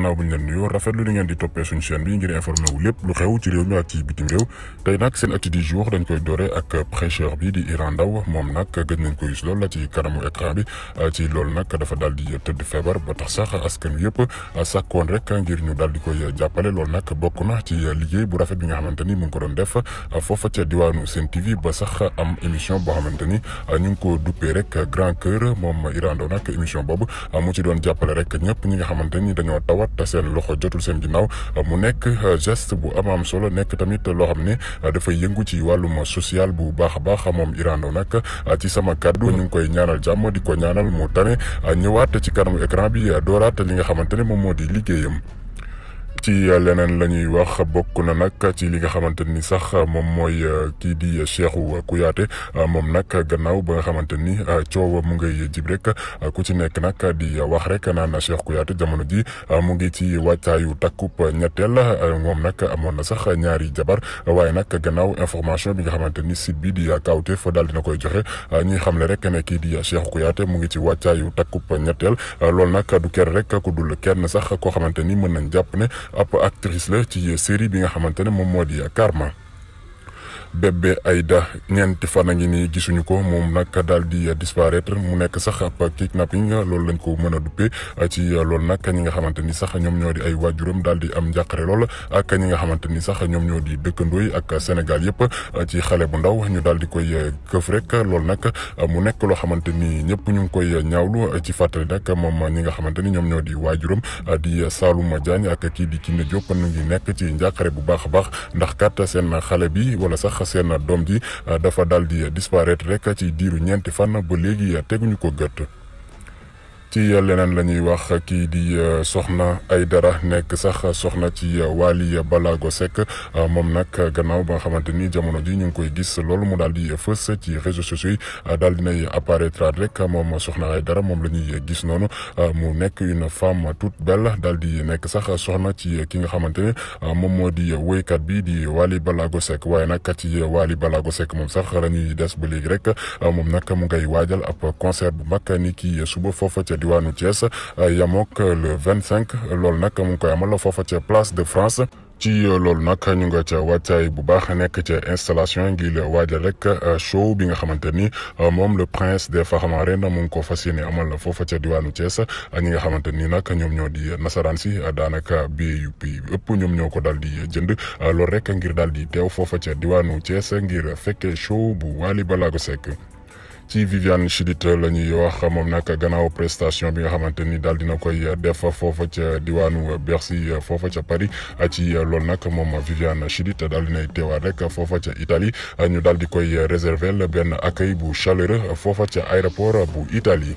naw buñ leen nuyoo rafetlu ni ngeen di topé suñ chaîne bi ngir informé wu lepp lu xew ci réew mi ak ci bitim réew tay nak seen atti di jour dañ koy doré ak prêcheur bi di Iran daw mom nak gëj nañ ko gis lool la ci karamu écran bi ci lool nak dafa dal di teud feebar ba tax sax askan yëpp sàkkoon rek ngir ñu dal di koy jappalé lool nak bokku na ci liggéey bu rafet bi nga xamanteni mu ngi ko doon def fofu ci diwanu seen TV ba sax am émission bo xamanteni ñu ngi ko duppé rek Grand Cœur mom Iran daw nak émission bobu mu ci doon jappalé rek ñëpp ñi nga xamanteni dañoo taw tawat seen loxo jotul seen ginnaaw mu nekk euh, geste bu am am solo nekk tamit loo xam ne euh, dafay yëngu ci wàllum social bu baax a baax moom Iran Ndao nag euh, ci sama kàddu ñu ngi koy ñaanal jàmm di ko ñaanal mu tane ñëwaat ci kanamu écran bi dooraat li nga xamante ne moom moo di liggéeyam. ci leneen la ñuy wax bokk na nag ci li nga xamante ni sax moom mooy euh, kii di Cheikhou Kouyaté euh, moom nag gannaaw ba nga xamante ni euh, coow mu ngay jib rek ku ci nekk nag di wax rek naan Cheikh Kouyaté jamono ji mu ngi ci wàccaayu takkub ñetteel moom nag amoon na sax ñaari jabar waaye nag gannaaw information bi nga xamante ni site bi di Kawtef daal dina koy joxe xam xamle rek ne kii di Cheikhou Kouyaté mu ngi ci wàccaayu takkub ñetteel loolu nag du ker rek ku dul kenn sax koo xamante ni mën nañ jàpp ne ab actrice la ci série bi nga xamante ne moom moo di Karma. Bebe Aida ñent fan a ngi ni gisunu ko mom nak daal di disparaître mu nek sax ap kidnapping loolu lañ ko mëna duppé ci lool nak ñi nga xamanteni sax ñom ñoo di ay wajurum daal di am njàqare lool ak ñi nga xamanteni sax ñom ñoo di dëkkandoo ak Sénégal yépp ci xalé bu ndaw ñu daal di koy keuf rek lool nak mu nek lo xamanteni ñepp ñu koy ñaawlu ci fatale nak mom ñi nga xamanteni ñom ñoom ñoo di waajuram di Salouma Diagne ak ki di Kiné Diop ñu ngi ci njàqare bu baax baax ndax kat sen xalé bi wala sax seen a doom ji dafa daal di disparaître rek ci diiru ñeenti fan ba léegi ñu ko gët. ci leneen la ñuy wax kii di euh, soxna dara nekk sax soxna ci euh, Wally Balago Seck euh, moom nag gannaaw ba nga xamante ni jamono ji ñu ngi koy gis loolu mu daal di fës ci réseaux sociaux yi daal dinay apparaître rek moom soxna Aydara moom la ñuy gis noonu mu nekk une femme toute belle daal di nekk sax soxna ci ki nga xamante ne moom moo di kat bii di Wally Balago Seck waaye nag ci Wally Balago Seck moom sax la ñuy des ba léegi rek moom nag mu ngay waajal ab concert bu mag diwaanu Thiès euh, yamook euh, le 25 loolu nag mu ngi koy amal foofa ca place de France ci euh, loolu nag ñu nga ca wàccaay bu baax a nekk ca installation ngir waaja rek show bi nga xamante ni moom le prince des Faxamaaren mu ngi ko fas yéene amal foofa ca diwaanu a ñi nga xamante ni nag ñoom ñoo di nasaraan si daanaka billet yu prix ëpp ñoom ñoo ko daal di jënd loolu rek ngir daal di teew foofa ca diwaanu Thiès ngir fekkee show bu Wally Ballago Seck ci Viviane Chidid la ñuy wax moom nag gannaaw prestation bi nga xamante ni daal dina koy def foofa ca diwaanu Bercy foofa ca Paris ci loolu nag moom Viviane Chidid daal dinay teewaat rek foofa itali Italie ñu daal di koy réserver benn accueil bu chaleureux foofa ca aéroport bu Italie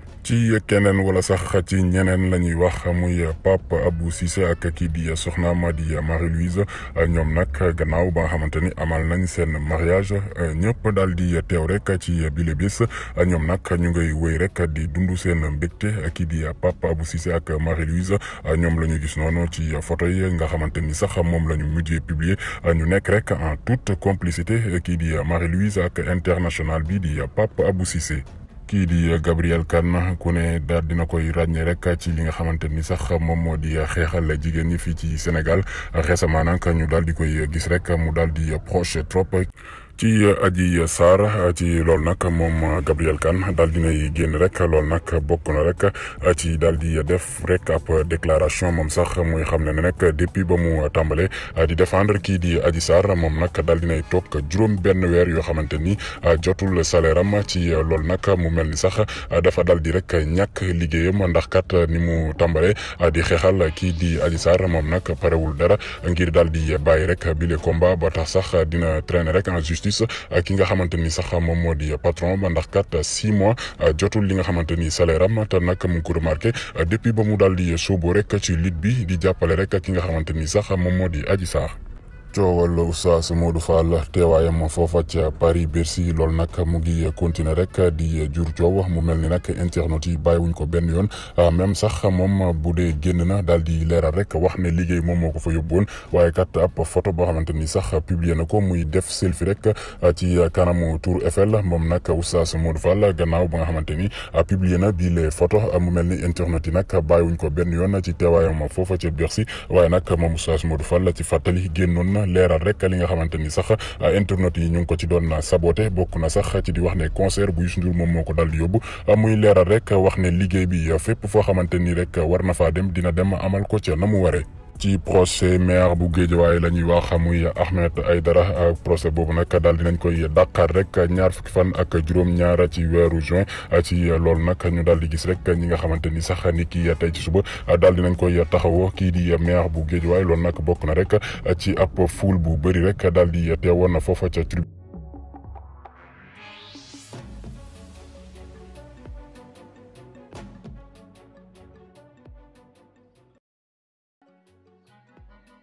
ci keneen wala sax ci ñeneen la ñuy wax muy Pape Abou Cissé ak kii di soxna madi Marie-Louise ñoom nyom gannaaw ba nga xamante ni amal nañ seen mariage ñëpp dal di teew rek ci bile bis ñoom nag ñu ngay wéy rek di dund seen mbégte kii di Pape Abou Cissé ak Marie-Louise ñoom la ñu gis noonu ci photo yi nga xamante ni sax moom la ñu mujjee publier ñu nekk rek en toute complicité kii di Marie-Louise ak international bi di Pape Abou kii di Gabrielle na ku ne daal dina koy ràññee rek ci li nga xamante ni sax moom moo di xeexal jigéen ñi fii ci Sénégal récemment nag ñu daal di koy gis rek mu daal di proche trop. ci uh, Adji Sarr uh, ci loolu nag moom uh, Gabriel Kane daal dinay génn rek lool nag bokk na rek ci daal di def rek ab déclaration moom sax muy xam ne nag depuis ba mu tàmbale di défendre kii di Adji Sarr moom nag daal dinay toog juróom benn weer yoo xamante ni jotul salaire am ci loolu nag mu mel ni sax dafa dal di rek ñàkk liggéeyam ndax kat ni mu tàmbale di xeexal kii di Adji Sarr moom nag parewul dara ngir dal di bàyyi rek bile combat ba tax sax dina traîner rek office euh, ki nga xamante ni sax moom moo di patron ba ndax kat euh, six mois euh, jotul li nga xamante ni salaire am te nag mu ngi ko remarqué depuis ba mu daal di sóobu rek ci lutte bi di jàppale rek ki nga xamante ni sax moom moo di Adji Sarr coowal Oustaz Modou Fall teewaayam foofa ca Paris Bercy loolu nag mu ngi continuer rek di jur coow mu mel ni nag internautes yi bàyyiwuñ ko benn yoon ah, même sax moom bu dee génn na daal di leeral rek wax ne liggéey moom moo ko fa yóbbuwoon waaye kat ab photo boo xamante ni sax publier ko muy def selfie rek ci kanamu Tour Eiffel moom nag Oustaz Modou Fall gannaaw ba nga xamante ni publier na bii les photo ni internautes yi nag bàyyiwuñ ko benn yoon ci teewaayam foofa ca Bercy waaye nag moom Oustaz Modou Fall ci fàttali génnoon na na leeral rek li nga xamante ni sax ah, internet yi ñu ngi ko ci doon saboté bokk na sax ci di wax ne concert bu Youssou moom moo ko dal yóbbu ah, muy leeral rek wax ne liggéey bi ah, fépp foo xamante ni rek war na faa dem dina dem amal ko ca na mu waree ci procès maire bu Guédiawaye la ñuy wax muy ay dara procès boobu nag daal dinañ koy dàqaar rek ñaar fukki fan ak juróom-ñaar ci weeru juin ci loolu nag ñu daal di gis rek ñi nga xamante ni sax yi kii tey ci suba daal dinañ koy taxawoo kii di maire bu Guédiawaye loolu nag bokk na rek ci ab foule bu bëri rek daal di teewoon foofa ca tribune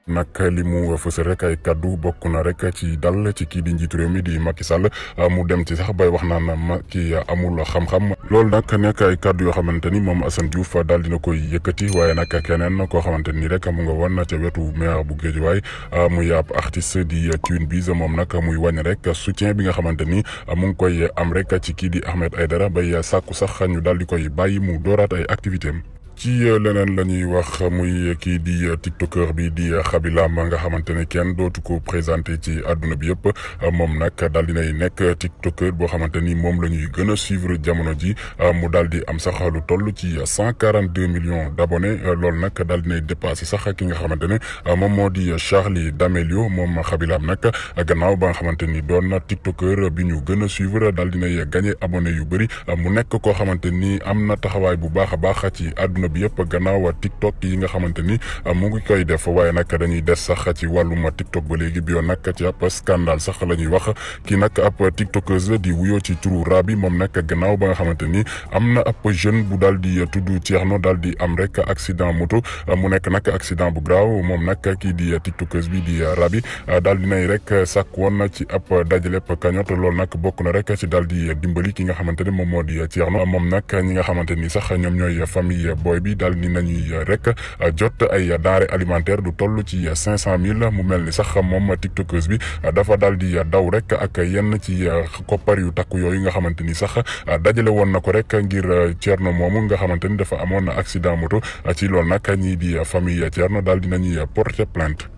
nag li mu fës rek ay kaddu bokk na rek ci dal ci kii di njiitu réew mi di Macky Sall ah, mu dem ci sax bay wax naan Macky amul xam-xam loolu nag nekk ay kaddu yoo xamante ni moom Assane Diouf daal dina koy yëkkati waaye nag keneen koo xamante ni rek mu nga woon ca wetu maire bu Guédiawaye ah, muy ab artiste di Queen biis moom nag muy wàññi rek soutien bi nga xamante ni mu ngi koy am rek ci kii di Ahmed Aïdara bay sàkku sax ñu daal di koy bàyyi mu dooraat activité am ci euh, leneen la ñuy wax muy kii di euh, tiktoker bi di euh, Khabilam nga xamante ne kenn dootu ko présenté ci àdduna bi yëpp moom nak dal dinay nekk tiktoker boo xamante ni moom la ñuy gën a suivre jamono ji mu daal di am sax lu toll ci 142 millions d' abonnés loolu nag dépassé sax ki nga xamante ne moom moo Charlie D'Amelio moom Xabi nak gannaaw ba nga xamante ni doon tiktoker bi ñu gën a suivre dal dinay gagné abonné yu bëri mu nekk koo xamante ni am bu baax a ci àdduna àdduna bi yëpp gannaaw TikTok yi nga xamante ni ah, mu ngi koy def waaye nag dañuy des sax ci wàllum TikTok ba léegi bi yoon nag ci ab scandale sax la ñuy wax ki nag ab tiktokeuse la di wuyoo ci turu Rabi moom nag gannaaw ba nga xamante ni am na ab jeune bu daal di tudd Thierno daal di am rek accident moto ah, mu nekk nag accident bu graaw moom nag kii di tiktokeuse bi di Rabi ah, daal di nay rek sàkk woon ci ab dajale cagnotte loolu nag bokk na rek ci daal di dimbali ki nga xamante ni moom moo di Thierno moom nag ñi nga xamante ni sax ñoom ñooy famille booy. mbootaay bi daal di nañuy euh, rek euh, jot ay denrées alimentaire du toll ci euh, cinq cent mille mu mel ni sax moom tiktokeuse bi dafa dal di daw rek ak yenn ci koppar yu takku yooyu nga xamante ni sax dajale woon na ko rek ngir Thierno moomu nga xamante ni dafa amoon accident moto ci loolu nag ñii di famille Thierno daal di nañuy porter plainte.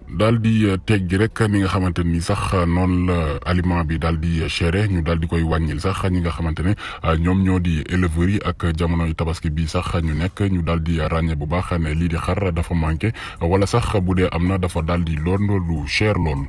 daal di euh, teg ji rek ni nga xamante ni sax euh, noonu la euh, aliment bi daal di chéré ñu daal di koy wàññil sax ñi nga xamante ne ñoom ñoo di éleveurs yi ak jamonoy tabaski bi sax ñu nekk ñu daal di ràññee bu baax ne lii di xar dafa manqué wala sax bu dee am na dafa daal di lool lu cher lool.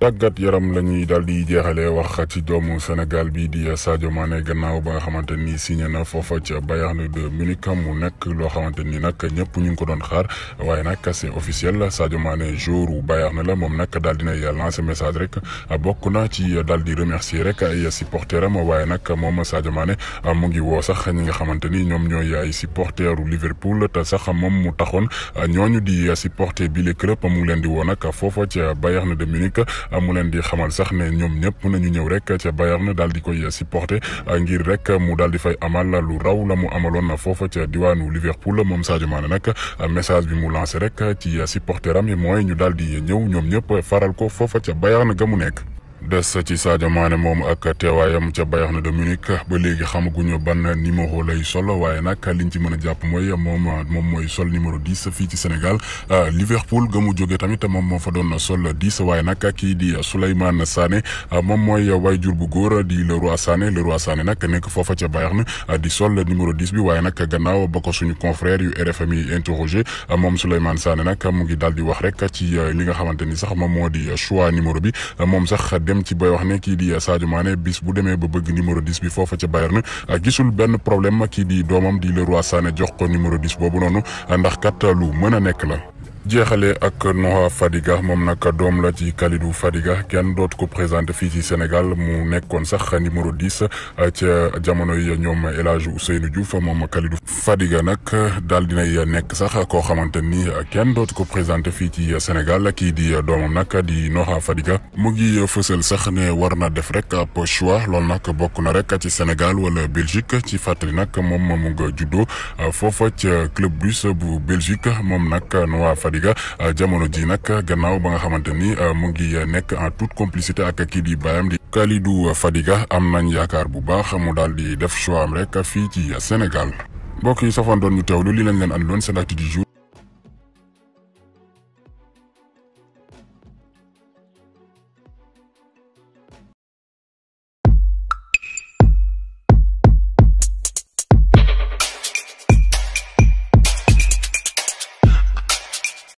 tagat yaram lañuy dal di jeexalee wax ci doomu Sénégal bi di Sadio Mané gannaaw ba xamanteni signé na foofa ci Bayern de Munich mu nek lo xamanteni ni ñepp ñu ko doon xaar waye nak c'est officiel Sadio Mané jour Bayern la nak dal dina ya lancer message rek bokku na ci dal di remercier rek ay supporteram waye nak mom Sadio Mané mu ngi wo sax ñi nga xamanteni ni ñoy ya ay supporteru Liverpool ta sax mom mu taxone ñoñu di supporter bi le club mu leen di wo nak ci Bayern de Munich mu leen di xamal sax ne ñoom ñëpp nañu ñëw rek ca Bayern daal di koy supporter ngir rek mu daal di fay amal lu raw la mu amaloon na foofa ca diwaanu Liverpool moom Sadio Mané nag message bi mu lancé rek ci supporteram yi mooy ñu daal di ñëw ñoom ñëpp faral ko foofa ca Bayern ga mu nekk. des ci Sadio Mané moom ak teewaayam ca Bayern de Munich ba léegi xamaguñu ban numéro lay sol waaye nag liñ ci mën a jàpp mooy moom moom mooy sol numéro 10 fii ci Sénégal Liverpool ga mu jóge tamit moom moo fa doon sol 10 waaye nag kii di Souleymane Sané moom mooy waajur bu góor di Leroy Sané Leroy Sané nag nekk foofa ca Bayern di sol numéro 10 bi waaye nag gannaaw ba ko suñu confrère yu RFM yi interrogé moom Souleymane Sané nag mu ngi daal di wax rek ci li nga xamante ni sax moom moo di choix numéro bi moom sax. dem ci bay wax ne kii di Sadio Mané bis bu demee ba bëgg numéro 10 bi foofa ca Bayern gisul benn problème kii di doomam di Leroy Sané jox ko numéro 10 boobu noonu ndax kat lu mën a nekk la. jeexale ak Noha Fadiga moom nag doom la ci Kalidou Fadiga kenn dootu ko présenté fii ci Sénégal mu nekkoon sax numéro 10 euh, ci jamono yi ñoom El Hadj Ousseynou Diouf moom Kalidou Fadiga nag daal dinay nekk sax koo xamante ni kenn dootu ko présenté fii ci Sénégal kii di doomam nag di Noha Fadiga mu ngi fësal sax ne war na def rek ab choix loolu nag bokk na rek a ci Sénégal wala Belgique ci fàttali nag moom moom nga juddoo euh, foofa ca club Bruges bu Belgique moom nag Fadiga euh, jamono ji nag gannaaw ba nga xamante ni euh, mu ngi nekk en toute complicité ak kii di baayam di Kalidou Fadiga am nañ yaakaar bu baax mu daal di def choix am rek fii ci Sénégal mbokk yi safoon doon ñu teewlu li lañ leen andiloon